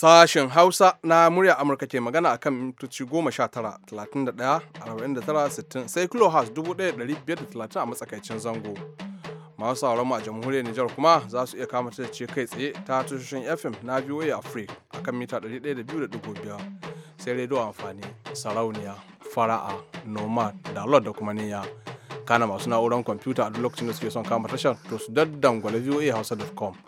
Sashen Hausa na murya Amurka ke magana akan mintoci 19, 31, tara 60 sai kilohas 1530 a matsakaicin zango. Masu mu a jamhuriyar Nijar kuma za su iya kama ta ce kai tsaye ta tushen FM na VOA Africa akan mita 102.5 sai rediyo amfani sarauniya fara'a nomad da lord da kuma niyya kana masu na'urar kwamfuta a duk lokacin da suke son kama tashar to su daddangwale voa hausa.com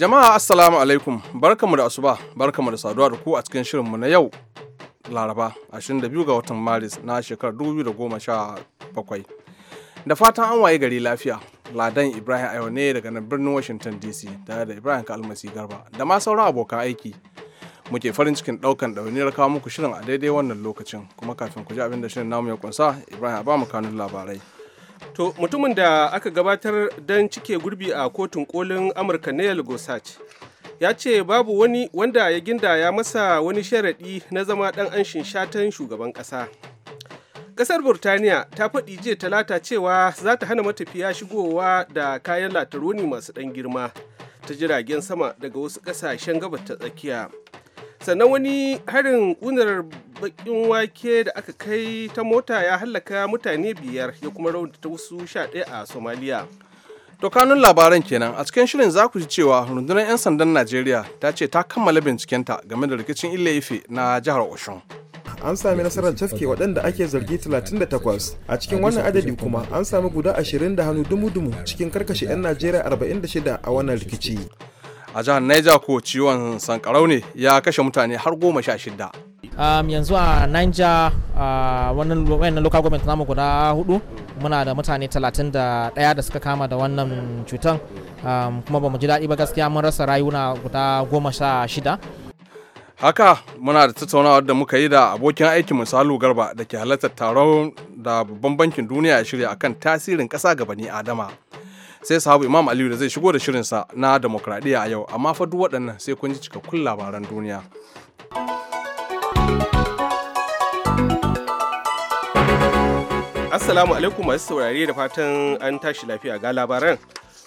Jama'a Assalamu alaikum, barkamu da asuba, barkamu da saduwa da ku a cikin shirinmu na yau Laraba 22 ga watan Maris na shekarar 2017. Da fatan an waye gari lafiya, Ladan Ibrahim Ayo ne daga nan birnin Washington DC tare da Ibrahim almasi Garba da ma sauran abokan aiki. Muke farin cikin ɗaukan ɗauniyar kawo muku shirin a daidai wannan lokacin, kuma kafin ku ji abin da shirin namu ya kunsa, Ibrahim a ba mu kanun labarai. To mutumin da aka gabatar don cike gurbi a kotun kolin Amurka Neil Gorsuch ya ce babu wani wanda ya ginda ya masa wani sharaɗi na zama ɗan anshin shatan shugaban ƙasa. Ƙasar Burtaniya ta faɗi jiya talata cewa za ta hana matafiya shigowa da kayan lataroni masu ɗan girma ta jiragen sama daga wasu ƙasashen gabas ta tsakiya. sannan wani harin kunar bakin wake da aka kai ta mota ya hallaka mutane biyar ya kuma raunta ta wasu sha ɗaya a somaliya to kanun labaran kenan a cikin shirin za ku ji cewa rundunar 'yan sandan najeriya ta ce ta kammala bincikenta game da rikicin ile ife na jihar oshun an sami nasarar cafke waɗanda ake zargi 38 a cikin wannan adadi kuma an sami guda 20 da hannu dumu-dumu cikin karkashe 'yan najeriya 46 a wannan rikici a jihar Niger ko ciwon sankarau ne ya kashe mutane har goma sha shida. Um, yanzu a Niger uh, wannan local government namu guda hudu muna da mutane talatin da da suka kama da wannan cutan um, kuma ba mu ji daɗi ba gaskiya mun rasa rayuna guda goma sha shida. haka muna da tattaunawar da muka yi da abokin aikin misalu garba da ke halartar taron da babban bankin duniya ya shirya akan tasirin ƙasa ga bani adama sai sahabu imam aliyu da zai shigo da shirinsa na demokradiyya a yau amma fa duk waɗannan sai kun ji cikakkun labaran duniya assalamu alaikum masu saurare da fatan an tashi lafiya ga labaran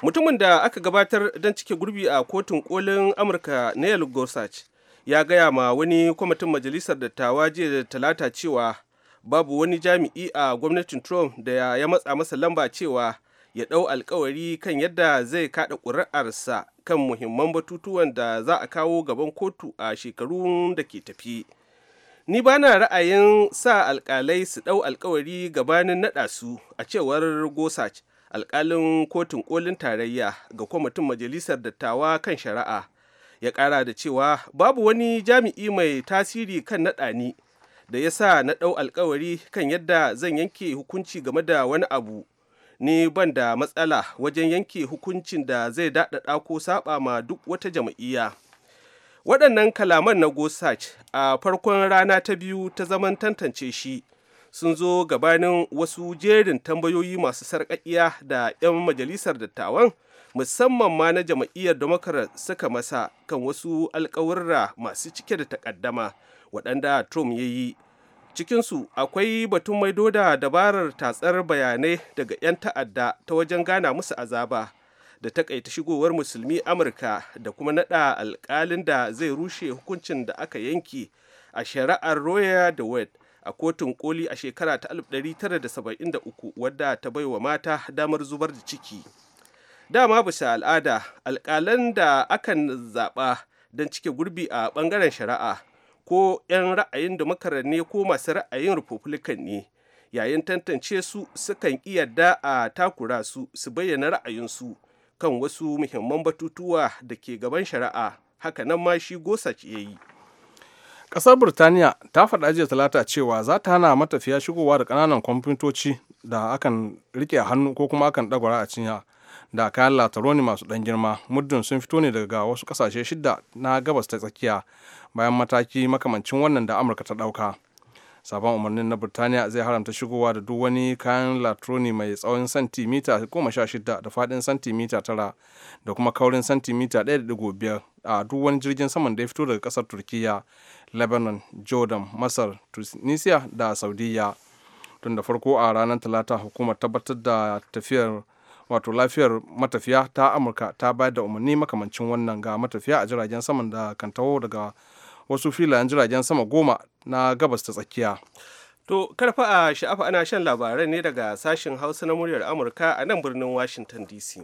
mutumin da aka gabatar don cike gurbi a kotun kolin amurka neil gorsuch ya gaya ma wani kwamitin majalisar dattawa jiya da talata cewa babu wani jami'i a gwamnatin trump da ya matsa masa lamba cewa ya ɗau alkawari kan yadda zai kaɗa ƙuri'arsa kan muhimman batutuwan da za a kawo gaban kotu a shekarun da ke tafi ni ba na ra'ayin sa alkalai su ɗau alkawari gabanin naɗa su a cewar gosach alkalin kotun kolin tarayya ga kwamitin majalisar dattawa kan shari'a ya ƙara da cewa babu wani jami'i mai tasiri kan naɗa ni da ya sa na ɗau alkawari kan yadda zan yanke hukunci game da wani abu ni ban da matsala wajen yanke hukuncin da zai daɗaɗa ko saba ma duk wata jam'iyya waɗannan kalaman na gosach a farkon rana ta biyu ta zaman tantance shi sun zo gabanin wasu jerin tambayoyi masu sarƙaƙiya da 'yan majalisar dattawan musamman ma na jam'iyyar democrat suka masa kan wasu alƙawurra masu cike da takaddama waɗanda trump ya yi cikinsu akwai batun maido da dabarar tatsar bayanai daga 'yan ta'adda ta wajen gana musu azaba da takaita shigowar musulmi amurka da kuma naɗa alkalin da zai rushe hukuncin da aka yanke a shari'ar roya da wed a kotun koli a shekara ta 1973 wadda ta bai wa mata damar zubar da ciki dama bisa al'ada alkalan da akan zaɓa don cike gurbi a ɓangaren shari'a ko 'yan ra'ayin demokrat ne ko masu ra'ayin republican ne yayin tantance su sukan yarda a takura su su bayyana ra'ayinsu kan wasu muhimman batutuwa da ke gaban shari'a haka hakanan ma shi gosa ya yi ƙasar birtaniya ta faɗa jiya talata cewa za ta hana matafiya shigowa da ƙananan kwamfutoci da akan rike hannu ko kuma akan ɗagwara a cinya da kayan lataroni masu ɗan girma muddin sun fito ne daga wasu ƙasashe shida na gabas ta tsakiya bayan mataki makamancin wannan da amurka ta ɗauka sabon umarnin na burtaniya zai haramta shigowa da duk wani kayan latroni mai tsawon santimita 16 da faɗin santimita 9 da kuma kaurin santimita 1.5 a duk wani jirgin saman da ya fito daga ƙasar turkiya lebanon jordan masar tunisia da saudiya tun da farko a ranar talata hukumar tabbatar da tafiyar wato lafiyar matafiya ta amurka ta bayar da umarni makamancin wannan ga matafiya a jiragen saman da kan daga wasu filayen jiragen sama goma na gabas ta tsakiya to karfa a sha'afa ana shan labarai ne daga sashen hausa na muryar amurka a nan birnin washington dc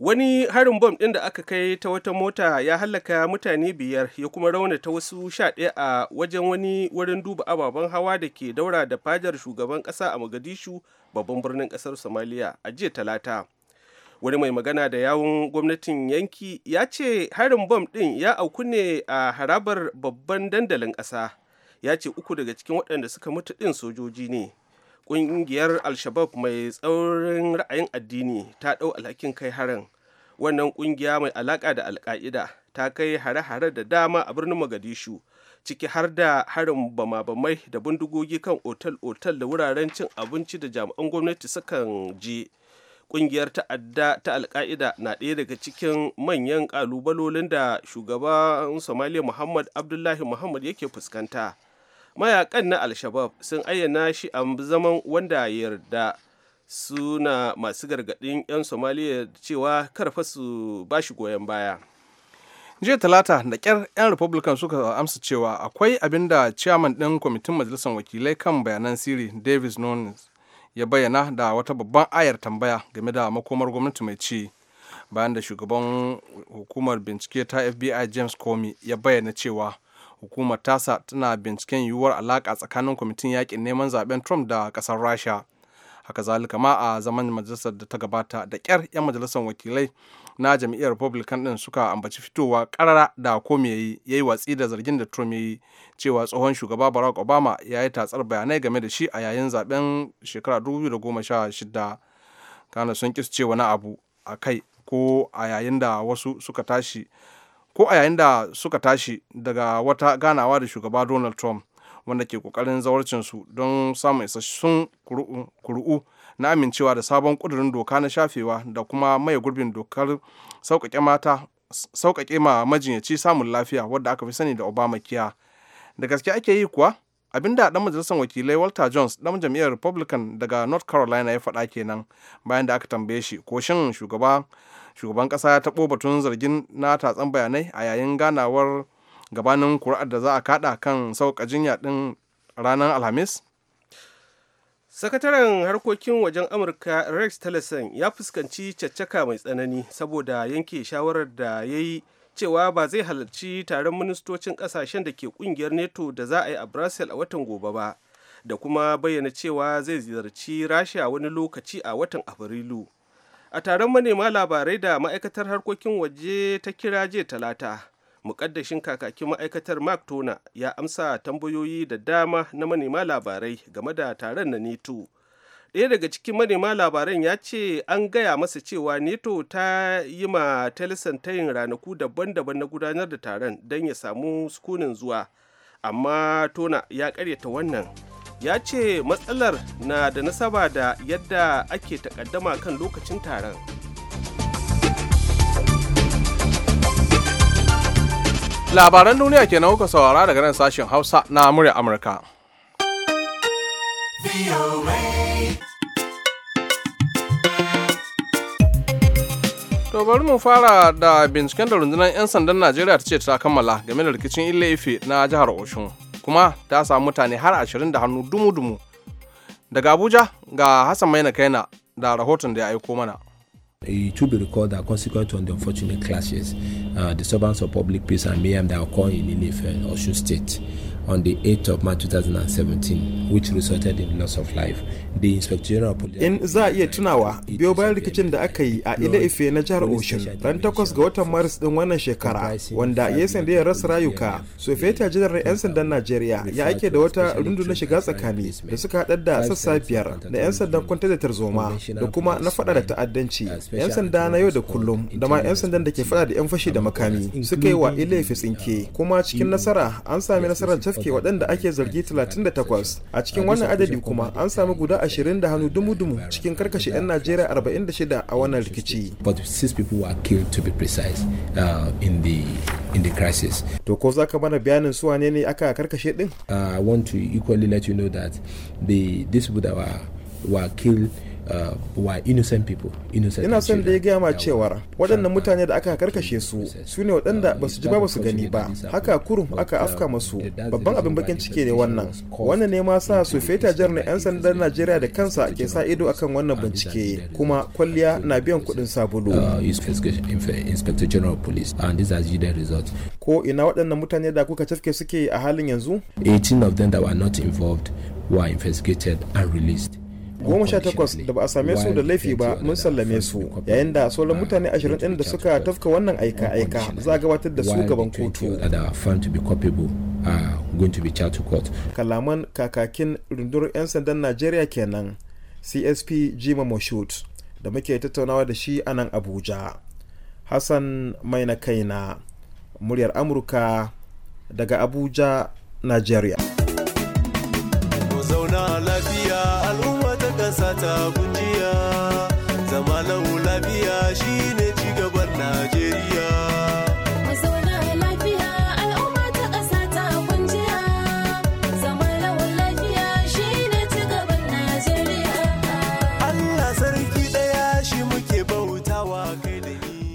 wani harin bom ɗin da aka kai ta wata mota ya hallaka mutane biyar ya kuma rauna ta wasu sha ɗaya a wajen wani wurin duba ababen hawa da ke daura da fajar shugaban ƙasa a mogadishu babban birnin ƙasar somaliya a jiya talata wani mai magana da yawun gwamnatin yanki ya ce harin bom ɗin ya auku ne a harabar babban dandalin ƙasa ya ce uku daga cikin waɗanda suka mutu ɗin sojoji ne kungiyar al-shabab mai tsaurin ra'ayin addini ta ɗau alhakin kai harin wannan kungiya mai alaƙa da alka'ida ta kai hare-hare da dama a birnin Magadishu ciki har da harin bama-bamai da bindigogi kan otal-otal da wuraren cin abinci da jami'an gwamnati sukan je kungiyar ta'adda ta alka'ida na ɗaya daga cikin manyan ƙalubalolin da shugaban somaliya muhammad abdullahi muhammad yake fuskanta mayakan na al sun ayyana shi a zaman wanda yarda suna masu gargaɗin 'yan somaliya cewa karfa su ba shi goyon baya jiya talata da kyar 'yan republican suka amsa cewa akwai abin da chairman ɗin kwamitin majalisar wakilai kan bayanan siri davis nunes ya bayyana da wata babban ayar tambaya game da makomar gwamnati mai ci bayan da shugaban hukumar bincike ta fbi james comey ya bayyana cewa hukumar tasa tana binciken yiwuwar alaka tsakanin kwamitin yakin neman zaben trump da kasar rasha haka zalika ma a zaman majalisar da ta gabata da kyar 'yan majalisar wakilai na jam'iyyar republican din suka ambaci fitowa karara da ko me yayi yayi watsi da zargin da trump yi cewa tsohon shugaba barack obama ya yi tatsar bayanai game da shi a yayin zaben shekara 2016 kana sun kis ce wani abu a kai ko a yayin da wasu suka tashi ko a yayin da suka tashi daga wata ganawa da shugaba donald trump wanda ke kokarin zawarcinsu don samun isassun kuru'u na amincewa da sabon kudurin doka na shafewa da kuma maye gurbin dokar sauƙaƙe mata sauƙaƙe ma majinyaci samun lafiya wadda aka fi sani da obama kiya da gaske ake yi kuwa abinda dan majalisar wakilai walter jones dan jam'iyyar republican daga north carolina ya faɗa kenan bayan da aka tambaye shi ko shin shugaba shugaban kasa ya taɓo batun zargin na tatsan bayanai a yayin ganawar gabanin kuri'ar da za a kaɗa kan sauka jinya ɗin ranar alhamis sakataren harkokin wajen amurka rex tillerson ya fuskanci caccaka mai tsanani saboda yanke shawarar da ya yi cewa ba zai halarci taron ministocin kasashen da ke kungiyar neto da za a yi a brussels a watan gobe ba da kuma bayyana cewa zai ziyarci rasha wani lokaci a watan afrilu a taron manema labarai da ma'aikatar harkokin waje ta kira jiya talata mukaddashin kakakin ma'aikatar mark tona ya amsa tambayoyi da dama na manema labarai game da taron na neto ɗaya daga cikin manema labaran ya ce an gaya masa cewa neto ta yi ma talisan tayin ranaku daban-daban na gudanar da taron don ya samu sukunin zuwa amma tona ya karyata wannan ya ce matsalar na da nasaba da yadda ake takaddama kan lokacin taron labaran duniya ke na kuka saurara daga nan sashen hausa na murya amurka To bari mu fara da binciken da rundunar 'yan sandan Najeriya ta ce ta kammala game da rikicin Ile Ife na jihar Oshun. kuma ta samu mutane har ashirin da hannu dumu-dumu daga abuja ga hassan maina kaina da rahoton da ya aiko mana It should be recalled that consequent on the unfortunate clashes, uh, disturbance of public peace and mayhem that occur in Ife, Osun State, on the 8th of March 2017, which resulted in loss of life. The Inspector General Police In za iya tunawa, biyo bayan rikicin da aka yi a Ile Ife na jihar Oshun ran takwas ga watan Maris ɗin wannan shekara, wanda ya sanda ya rasa rayuka. Sofeta Jidar 'yan sandan Najeriya ya aike da wata rundunar shiga tsakani da suka haɗar da sassa biyar na 'yan sandan kwantar da tarzoma da kuma na faɗa da ta'addanci, uh, 'yan sanda na yau da kullum da ma 'yan sandan da ke faɗa da 'yan fashi da makami suka yi wa Ile Ife tsinke uh, kuma cikin nasara an sami nasarar cafke waɗanda ake zargi 38 a cikin wannan adadi kuma an sami guda 20 da hannu dumu-dumu cikin karkashe 'yan najeriya 46 a wannan rikici to ko za ka mana bayanin su wane ne aka karkashe din uh, i want to equally let you know that the, this would were killed Uh, wa innocent people innocent ina son da ya gaya ma cewar waɗannan mutane da aka karkashe su su ne waɗanda ba su ji ba su gani ba haka kurum aka afka um, masu babban abin bakin cike ne wannan wannan ne ma sa su feta jar na yan sandan najeriya da kansa ke sa ido akan wannan bincike kuma kwalliya na biyan kuɗin sabulu uh, ko ina waɗannan mutane da kuka cafke suke a halin yanzu 18 of them that were not involved were investigated and released goma sha takwas da ba a same su da laifi ba mun sallame su yayin da sauran mutane ashirin ɗin da suka tafka wannan aika-aika za a gabatar da su gaban kotu. Kalaman kakakin rundunar 'yan sandan Najeriya kenan CSP Jima Moshut da muke tattaunawa da shi a nan Abuja. Hassan mai na Kaina, muryar Amurka daga Abuja, Najeriya. Zauna lafiya zama lau lafiya shine cigaban Najeriya.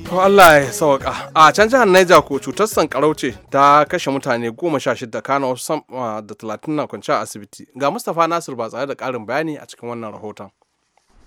To Allah ya sauka. A can jihar Niger ko cutar sankarau ce ta kashe mutane goma sha shida kana wasu sama da talatin na kwanci a asibiti. Ga Mustapha Nasir ba tsare da ƙarin bayani a cikin wannan rahoton.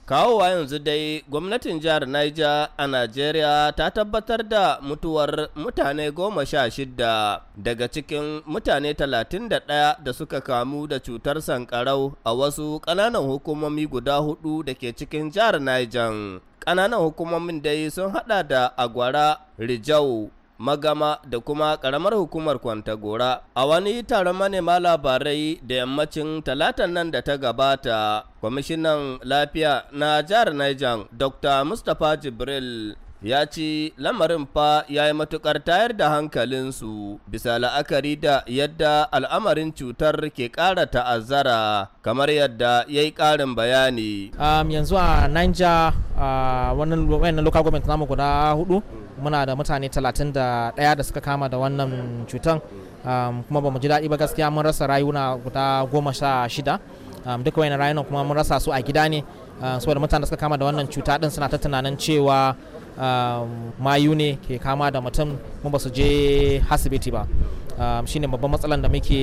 kawowa yanzu dai gwamnatin jihar Niger a Najeriya ta tabbatar da mutuwar mutane goma sha shida daga cikin mutane talatin da ɗaya da suka kamu da cutar sankarau a wasu ƙananan hukumomi guda hudu da ke cikin jihar Niger. Ƙananan hukumomin dai sun hada da Agwara, Rijau, magama da kuma ƙaramar hukumar kwantagora a wani taron manema labarai da yammacin talatan nan da ta gabata kwamishinan lafiya na jihar niger dr mustapha jibril ya ci lamarin fa ya yi matukar tayar da hankalinsu bisa la'akari da yadda al'amarin cutar ke ƙara ta'azzara kamar yadda ya yi ƙarin bayani yanzu a niger uh, wani local government namu guda hudu muna da mutane 31 da suka kama da wannan cutan um, kuma ba mu ji daɗi ba gaskiya mun rasa rayuna guda goma sha shida um, duka wani rayunan kuma mun rasa su a gida ne um, saboda mutane da suka kama da wannan cuta ɗin suna ta tunanin cewa mayu ne ke kama da mutum kuma ba su je asibiti ba shine babban matsalan da muke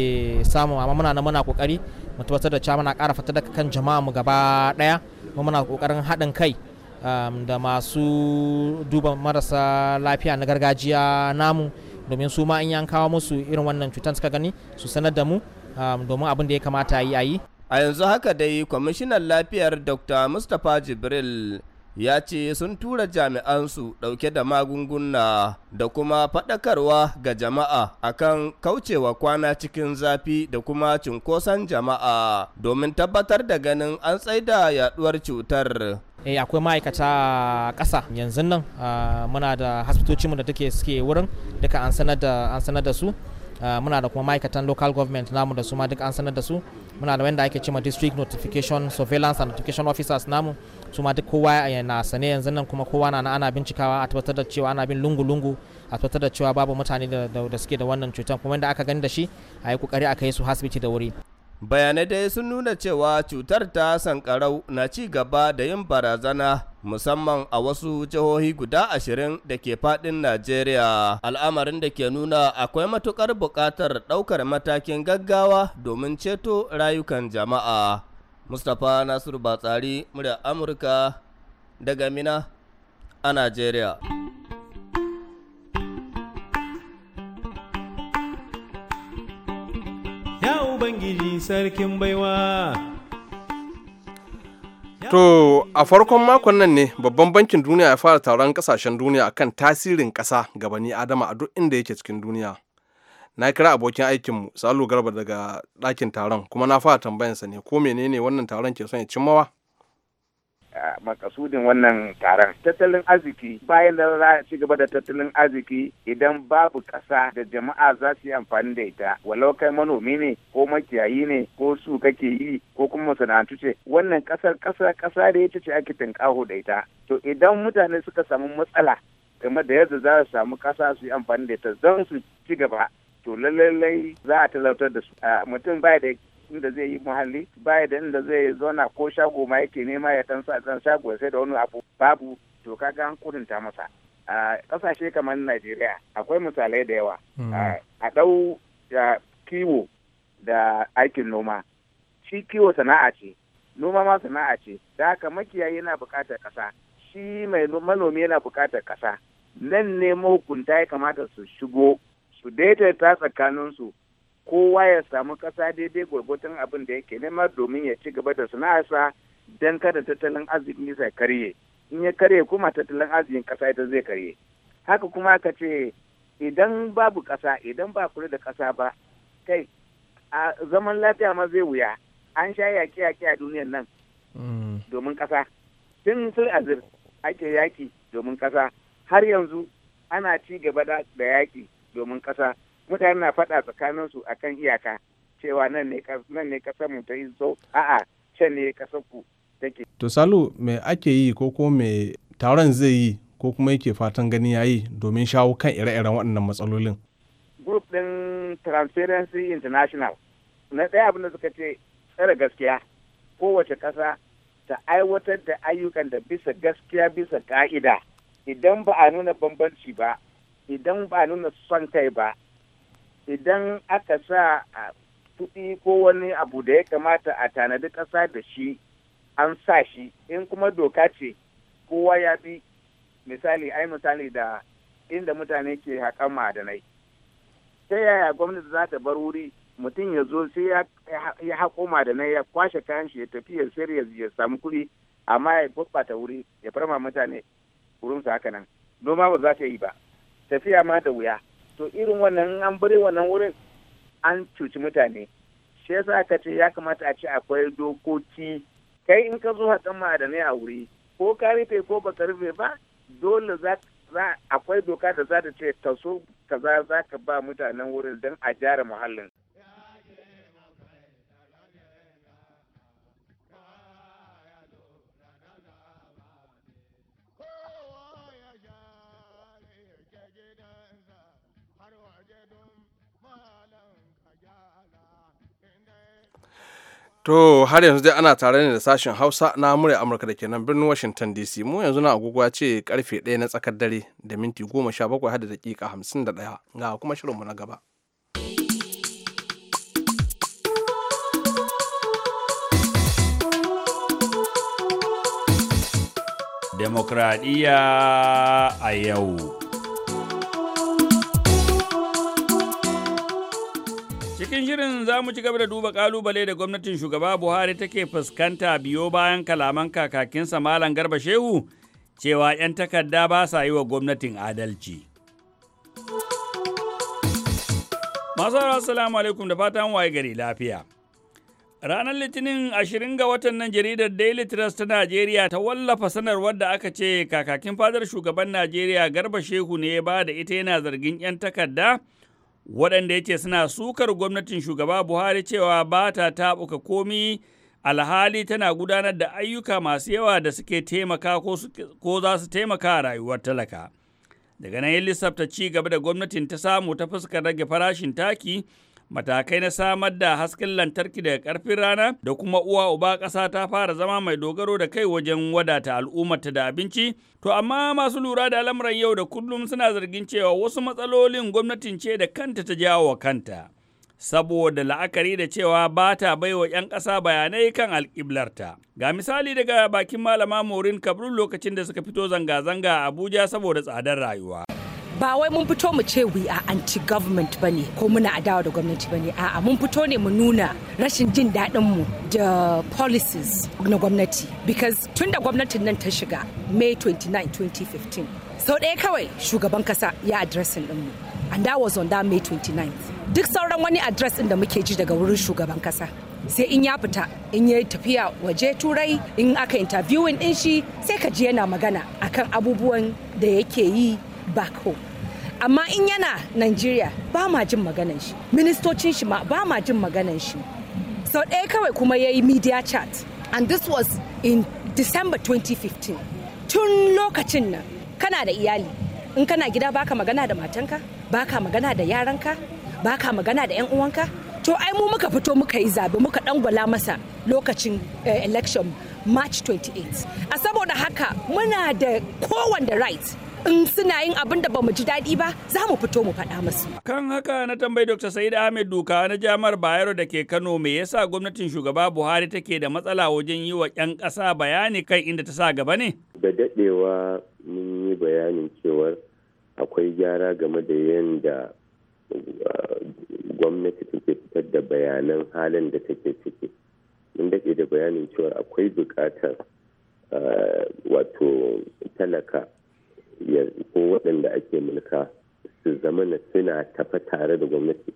samu amma muna nan muna kokari mu da cewa muna ƙara fata da kan jama'a mu gaba daya kuma muna kokarin haɗin kai um, da masu duba marasa lafiya na gargajiya namu domin su ma in an kawo musu irin wannan cutar suka gani su sanar da mu um, domin abin da ya kamata a yi a yanzu haka dai kwamishinan lafiyar dr mustapha jibril ya ce sun tura jami'ansu ɗauke da magunguna da kuma faɗakarwa ga jama'a akan kaucewa kwana cikin zafi da kuma cunkoson jama'a domin tabbatar da ganin an tsaida yaduwar cutar eh akwai ma'aikata ƙasa yanzu nan muna da mu da take suke wurin duka an sanar da su muna da kuma ma'aikatan local government namu da su ma duka an sanar da su muna da wanda ake cewa district notification surveillance and notification officers namu su ma duk kowa na sane yanzu nan kuma kowa na ana bincikawa a tabbatar da cewa ana bin lungu-lungu a tabbatar da cewa babu mutane da suke da wannan cutar kuma inda aka gani da shi a yi kokari a kai su asibiti da wuri bayanai dai sun nuna cewa cutar ta sankarau na ci gaba da yin barazana musamman a wasu jihohi guda ashirin da ke fadin najeriya al'amarin da ke nuna akwai matukar buƙatar ɗaukar matakin gaggawa domin ceto rayukan jama'a Mustapha Nasiru Batsari murya Amurka daga Mina a Najeriya. Ya Ubangiji sarkin baiwa. To, a farkon makon nan ne babban bankin duniya ya fara taron kasashen duniya kan tasirin ƙasa ga bani Adama a duk inda yake cikin duniya. na kira abokin aikinmu salu garba daga ɗakin taron kuma na fara tambayansa ne ko menene wannan taron ke son ya cimmawa makasudin wannan taron tattalin arziki bayan da za a ci gaba da tattalin arziki idan babu ƙasa da jama'a za su yi amfani da ita walau kai manomi ne ko makiyayi ne ko su kake yi ko kuma masana'antu ce wannan ƙasar ƙasa ƙasa da ita ce ake tinƙaho da ita to idan mutane suka samu matsala game da yadda za su samu ƙasa su yi amfani da ita zan su ci gaba to lallai za a talautar da su mutum bai da inda zai yi muhalli baya da inda zai zauna ko shago ma yake nema ya dan sa dan shago sai da wani abu babu to kaga an kurinta masa a kasashe kamar Najeriya akwai misalai da yawa hmm. a dau kiwo da aikin noma shi kiwo sana'a ce noma ma sana'a ce da haka makiyayi yana buƙatar ƙasa shi mai manomi yana buƙatar ƙasa nan ne mahukunta ya kamata su shigo su daidaita tsakaninsu kowa ya samu ƙasa daidai gwargwadon abin da yake nema domin ya ci gaba da sana'arsa don kada tattalin arzikin ya karye in ya karye kuma tattalin arzikin kasa ita zai karye haka kuma ka ce idan babu ƙasa idan ba kula da kasa ba kai a zaman lafiya ma zai wuya an sha yaƙe yaƙe a duniyar nan mm. domin ƙasa tun sun azir ake yaƙi domin ƙasa har yanzu ana ci gaba da yaƙi domin ƙasa mutane na faɗa tsakanin su akan iyaka cewa nan ne kasa mu ta iso a'a can ne ƙasar ku take. to salu me ake yi ko ko me taron zai yi ko kuma yake fatan gani yayi domin shawo kan ire-iren waɗannan matsalolin. group din transparency international na ɗaya abin da suka ce tsare gaskiya kowace ƙasa ta aiwatar da ayyukan da bisa gaskiya bisa ka'ida idan ba a nuna bambanci ba idan ba nuna son kai ba idan aka sa kuɗi ko wani abu da ya kamata a tanadi ƙasa da shi an sa shi in kuma doka ce kowa ya bi misali ai misali da inda mutane ke haƙan ma'adanai ta yaya gwamnati za ta bar wuri mutum ya zo sai ya haƙo ma'adanai ya kwashe kayan shi ya tafi ya sayar ya samu kuɗi amma ya gurɓata wuri ya farma mutane wurinsa haka nan noma ba za ta yi ba tafiya ma da wuya to irin wannan an bari wannan wurin an cuci mutane shi yasa aka ce ya kamata a ce akwai dokoki kai in ka zo haɗin ma'adanai a wuri ko ka rufe ko ba ka rufe ba dole za akwai doka da za ta ce taso kaza za ka ba mutanen wurin don a gyara muhallin To har yanzu dai ana tare ne da sashen Hausa na murya Amurka da ke nan birnin Washington DC. Mu yanzu na agogo ce karfe ɗaya na tsakar dare da minti goma sha bakwai hada dakika hamsin da ɗaya ga kuma shirin mu na gaba. Demokradiyya a yau. cikin shirin za mu ci gaba da duba kalubale da gwamnatin shugaba Buhari take fuskanta biyo bayan kalaman kakakinsa Malam Garba Shehu cewa 'yan takarda ba sa yi wa gwamnatin adalci. Masu assalamu alaikum da fatan waye gari lafiya. Ranar Litinin 20 ga watan nan jaridar Daily Trust ta Najeriya ta wallafa sanarwar da aka ce kakakin fadar shugaban Najeriya Garba Shehu ne ba da ita yana zargin 'yan takarda waɗanda ya ce suna sukar gwamnatin shugaba Buhari cewa ba ta taɓuka komi alhali tana gudanar da ayyuka masu yawa da suke taimaka ko za su taimaka rayuwar talaka. Daga nan ya lissafta ci gaba da gwamnatin ta samu ta fuskar rage farashin taki matakai na samar da hasken lantarki daga karfin rana da kuma uwa uba ƙasa ta fara zama mai dogaro da kai wajen wadata al'ummarta da abinci to amma masu lura da al'amuran yau da kullum suna zargin cewa wasu matsalolin gwamnatin ce da kanta ta jawo wa kanta saboda la'akari da cewa ba ta baiwa 'yan ƙasa bayanai kan alƙiblarta. Ga misali daga bakin malama Maureen Kabrul lokacin da suka fito zanga-zanga a Abuja saboda tsadar rayuwa. ba wai mun fito mu ce we are anti government bane ko muna adawa da gwamnati bane a'a mun fito ne mu nuna rashin jin daɗin mu da policies na gwamnati because tun da gwamnatin nan ta shiga May 29 2015 sau so, ɗaya kawai shugaban kasa ya adresin mu and that was on that May 29 duk sauran wani adres ɗin da muke ji daga wurin shugaban kasa sai in ya fita in ya tafiya waje turai in aka interviewing din shi sai ka ji yana magana akan abubuwan da yake yi back home amma in yana Najeriya ba ma jin maganan shi ministocin shi ba ma jin maganan shi sau ɗaya kawai kuma ya yi media chat and this was in December 2015 tun lokacin nan kana da iyali in kana gida baka magana da matanka baka magana da yaranka baka magana da 'yan uwanka to ai mu muka fito muka yi zabe muka gwala masa lokacin eh, election march 28 a saboda haka muna da kowanne right in suna yin abin da bamu ji daɗi ba za mu fito mu faɗa musu. Kan haka na tambayi Dr. Sa'id Ahmed Duka na jamar Bayero da ke Kano me yasa gwamnatin shugaba Buhari take da matsala wajen yi wa 'yan ƙasa bayani kan inda ta sa gaba ne? Da daɗewa mun yi bayanin cewar akwai gyara game da yadda uh, gwamnati take fitar da bayanan halin da take ciki. Mun daɗe da bayanin cewar akwai buƙatar uh, wato talaka ko waɗanda ake mulka su zama na suna tafa tare da gwamnati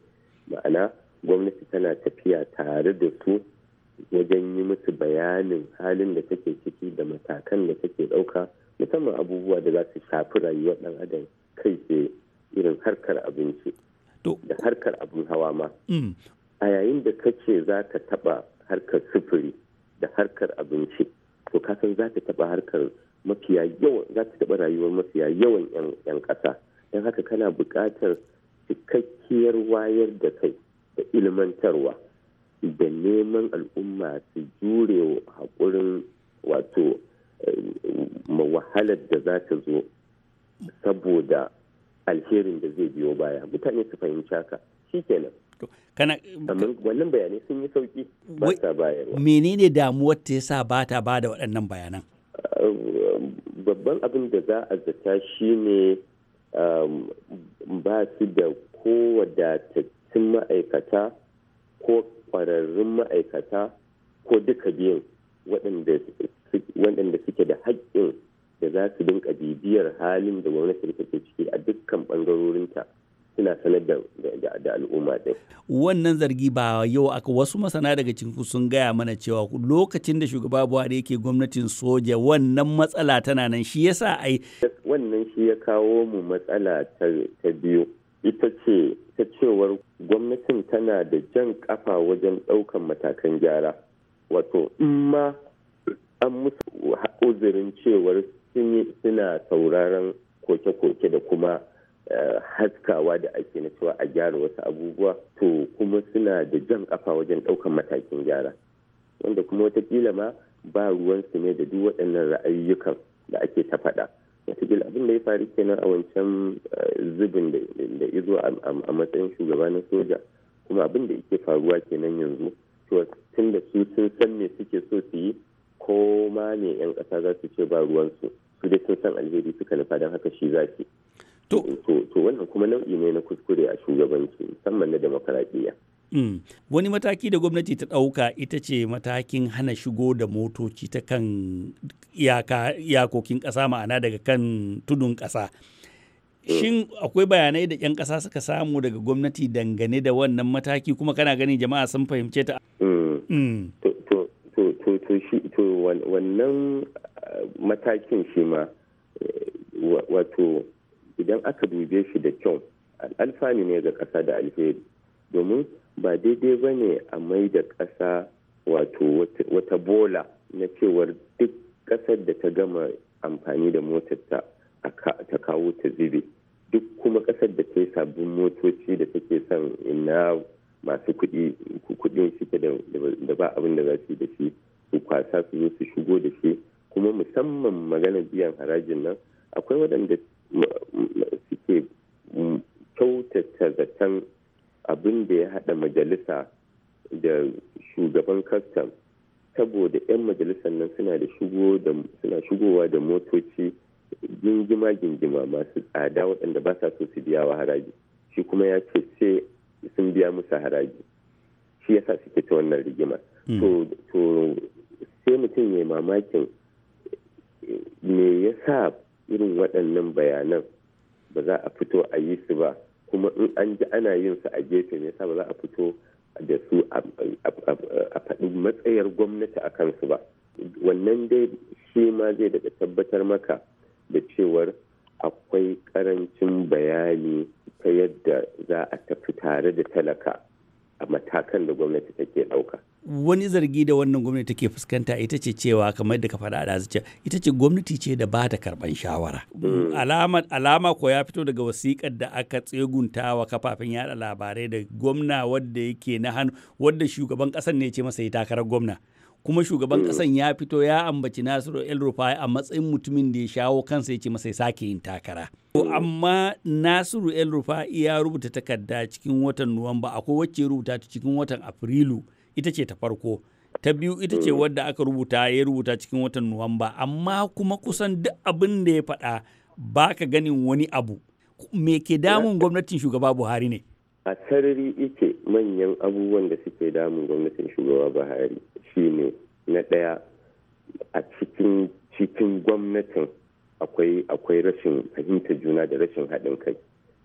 ma'ana gwamnati tana tafiya tare da su wajen yi musu bayanin halin da take ciki da matakan da take ɗauka musamman abubuwa da za su shafi rayuwar ɗan adam kai tsaye irin harkar abinci da harkar abin hawa ma mm. a yayin da kace za ka taɓa harkar sufuri da harkar abinci to kasan za ka taɓa harkar mafiya yawan za ta taɓa rayuwar mafiya yawan 'yan ƙasa don haka kana buƙatar cikakkiyar wayar da kai da ilmantarwa da neman al'umma su jure haƙurin wato eh, wahalar da za ta zo saboda alherin da zai biyo baya mutane su fahimci haka shikenan kana wannan bayanai sun yi sauki ba ta bayarwa menene damuwar ta yasa ba ta ba da waɗannan bayanan babban abin da za a zata shi ne um, ba su da ko wadatattun ma'aikata ko kwararrun ma'aikata ko duka biyun waɗanda suke da haƙƙin da za su dinka bibiyar halin da gwamnati take ciki a dukkan ɓangarorinta. suna sanar da al'umma din. Wannan zargi ba yau aka wasu masana daga cikin sun gaya mana cewa lokacin da shugaba Buhari yake gwamnatin soja wannan matsala tana nan shi yasa ai. Wannan shi ya kawo mu matsala ta biyu ita ce ta cewar gwamnatin tana da jan kafa wajen ɗaukan matakan gyara. Wato in ma an musu uzurin cewar suna sauraron koke-koke da kuma Eh, haskawa da ake na cewa a gyara wasu abubuwa to kuma suna da jan kafa wajen ɗaukan matakin gyara wanda kuma watakila ma ba ruwansu ne da duk waɗannan ra'ayyukan da ake ta faɗa watakila abin da ya faru kenan a wancan eh, zubin da izo a matsayin shugaba na soja kuma abin da yake faruwa kenan yanzu tun da su sun san me suke so su yi ko ma ne 'yan ƙasa za su ce ba ruwansu su dai sun san alheri suka nufa don haka shi za su To wannan kuma nau'i ne na kuskure a shugabanci musamman na demokaradiyya. Mm. Wani mataki da gwamnati ta ɗauka ita ce matakin hana shigo da motoci ta kan iyakokin ƙasa ma'ana daga kan tudun ƙasa. Shin akwai bayanai da 'yan ƙasa suka samu daga gwamnati dangane da wannan mataki kuma kana ganin jama'a sun fahimce ta? To wannan matakin shi ma eh, wato idan aka dube shi da kyau alfani ne ga ƙasa da alheri domin ba daidai ba ne a mai da ƙasa wato wata bola na cewar duk ƙasar da ta gama amfani da motar ta kawo ta zube duk kuma ƙasar da ta yi sabbin motoci da take son ina masu kuɗi suke da ba abin da za su da shi su kwasa su zo su shigo da shi kuma musamman maganar biyan harajin nan akwai waɗanda suke kyautata zaton abin da ya hada majalisa da shugaban kastam saboda 'yan majalisar nan suna da suna shigowa da motoci gingima gingima masu tsada waɗanda ba sa so su biya wa haraji shi kuma ya ce sai sun biya musu haraji shi ya sa suke ta wannan rigima hmm. to sai mutum ya mamakin me ya sa. irin waɗannan bayanan ba za a fito a yi su ba kuma in an ji ana yin su a gefe ne ba za a fito da su a faɗi matsayar gwamnati a kansu ba wannan dai shi ma zai daga tabbatar maka da cewar akwai karancin bayani ta yadda za a tafi tare da talaka a matakan da gwamnati take ɗauka. wani zargi da wannan gwamnati take fuskanta ita ce cewa kamar da ka faɗa da zuciya ita ce gwamnati ce da ba ta karɓan shawara mm. alama alama ko ya fito daga wasiƙar da aka tsegunta wa kafafen yada labarai da gwamna wadda yake na hannu wadda shugaban ƙasar ne ce masa ya takarar gwamna kuma shugaban mm. ƙasan ya fito ya ambaci Nasiru El Rufai a matsayin mutumin da ya shawo kansa ya ce masa ya sake yin takara mm. amma Nasiru El Rufai ya rubuta takarda cikin watan Nuwamba akwai wacce rubuta ta cikin watan Afrilu ita ce ta farko ta biyu ita ce hmm. wadda aka rubuta ya rubuta cikin watan nuwamba amma kuma kusan duk abin da ya faɗa ba ka ganin wani abu me ke damun gwamnatin shugaba buhari ne a sarari ike manyan abubuwan da suke damun gwamnatin shugaba buhari shine na ɗaya a cikin cikin gwamnatin akwai akwai rashin fahimtar juna da rashin haɗin kai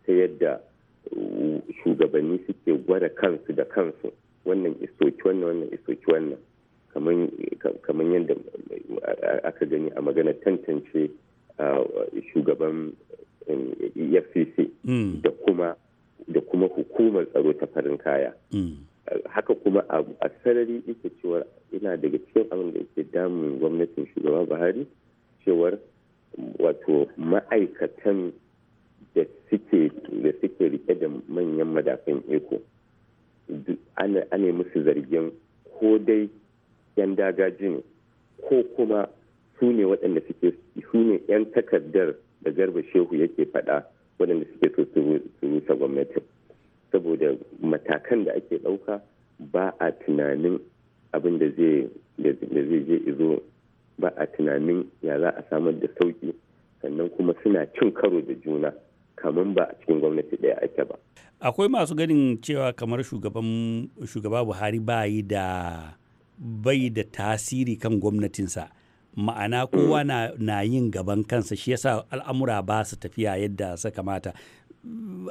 ta yadda shugabanni suke gwada kansu da kansu wannan isoki wannan wannan isoki wannan kamar yadda aka gani a magana tantance shugaban um, efcc hmm. da kuma da kuma hukumar tsaro ta farin kaya hmm. haka kuma a sarari ita cewar ina daga cikin abin da ke damun gwamnatin shugaba buhari cewar wato ma'aikatan da suke rike da manyan madafin eko Ane musu zargin ko dai 'yan dagaji ne ko kuma su ne waɗanda suke su ne 'yan takardar da garba shehu yake faɗa waɗanda suke so su rusa gwamnatin saboda matakan da ake ɗauka ba a tunanin abin da zai je izo ba a tunanin ya za a samar da sauki sannan kuma suna cin karo da juna kamar ba a cikin gwamnati ɗaya ake ba akwai masu ganin cewa kamar shugaban shugaba buhari bayi da bai da tasiri kan gwamnatinsa ma'ana kowa na, na yin gaban kansa shi yasa al'amura ba su tafiya yadda su kamata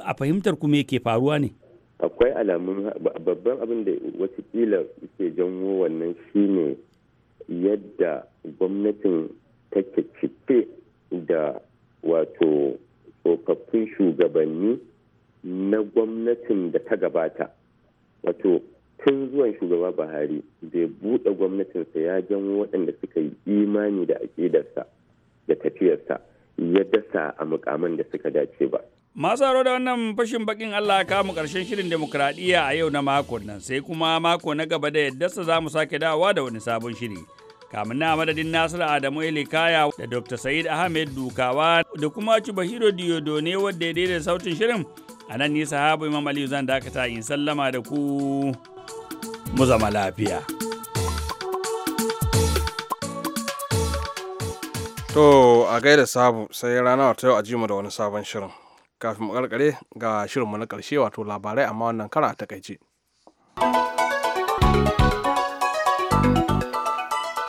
a fahimtar kuma yake faruwa ne akwai alamun babban abin da watakila ke janwo wannan shine yadda gwamnatin take cike da wato tsofaffin shugabanni na gwamnatin da ta gabata wato tun zuwan shugaba buhari bai buɗe gwamnatinsa ya jan waɗanda suka yi imani da aƙidarsa da tafiyarsa ya dasa a mukaman da suka dace ba Masu haro da wannan fashin bakin Allah ka mu karshen shirin demokradiyya a yau na makon nan sai kuma mako na gaba da yaddarsa za mu sake dawowa da wani sabon shiri. Kamun na madadin Nasiru Adamu Elikaya da Dr. Said Ahmed Dukawa da kuma Chubahiro Diodo ne wadda ya daidai sautin shirin a nan nisa habu imam aliyu zan dakata in sallama da ku mu zama lafiya to a gaida sabu sai rana wata yau a jima da wani sabon shirin kafin mu karkare ga shirinmu na karshe wato labarai amma wannan kara a takaice.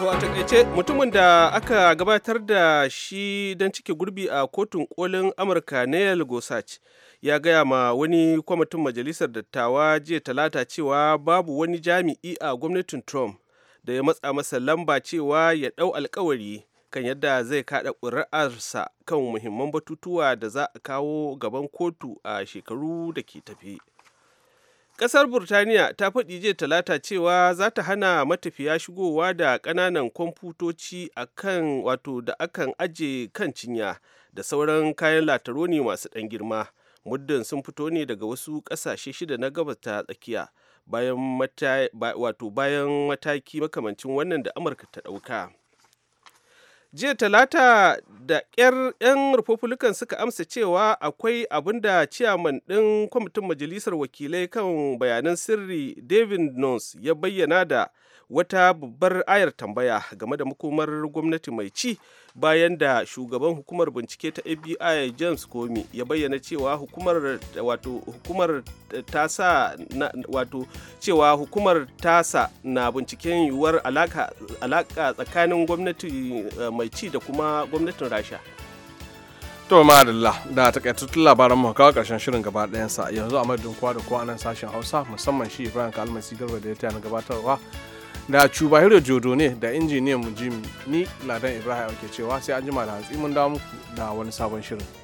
To a takaice mutumin da aka gabatar da shi don cike gurbi a kotun kolin Amurka Neil Gorsuch ya gaya ma wani kwamitin majalisar dattawa jiya talata cewa babu wani jami'i a gwamnatin Trump da ya matsa masa lamba cewa ya ɗau alkawari kan yadda zai kada ƙuri'arsa kan muhimman batutuwa da za a kawo gaban kotu a shekaru da ke tafi. Ƙasar Burtaniya ta faɗi jiya talata cewa za ta hana matafiya shigowa da ƙananan kwamfutoci kan wato da akan aje kan cinya da sauran kayan lataroni masu ɗan girma. Muddin sun fito ne daga wasu ƙasashe shida na gabas ta tsakiya bayan mataki makamancin wannan da Amurka ta ɗauka. jiya talata da ƙyar 'yan republican suka amsa cewa akwai abin da ciyaman ɗin kwamitin majalisar wakilai kan bayanan sirri david nunes ya bayyana da wata babbar ayar tambaya game da makomar gwamnati mai ci bayan da shugaban hukumar bincike ta fbi james comey ya bayyana cewa hukumar wato tasa na, cewa hukumar tasa na binciken yiwuwar alaka tsakanin gwamnati uh, mai ci da kuma gwamnatin rasha to da takaitattun labaran mu kawo karshen shirin gaba sa yanzu a madadin kowa da kowa nan sashen hausa musamman shi ibrahim kalmasi garba da ya taya na gabatarwa da hiro jodo ne da injiniyan mu jimi ni ladan ibrahim ake cewa sai an jima da hantsi mun dawo muku da wani sabon shirin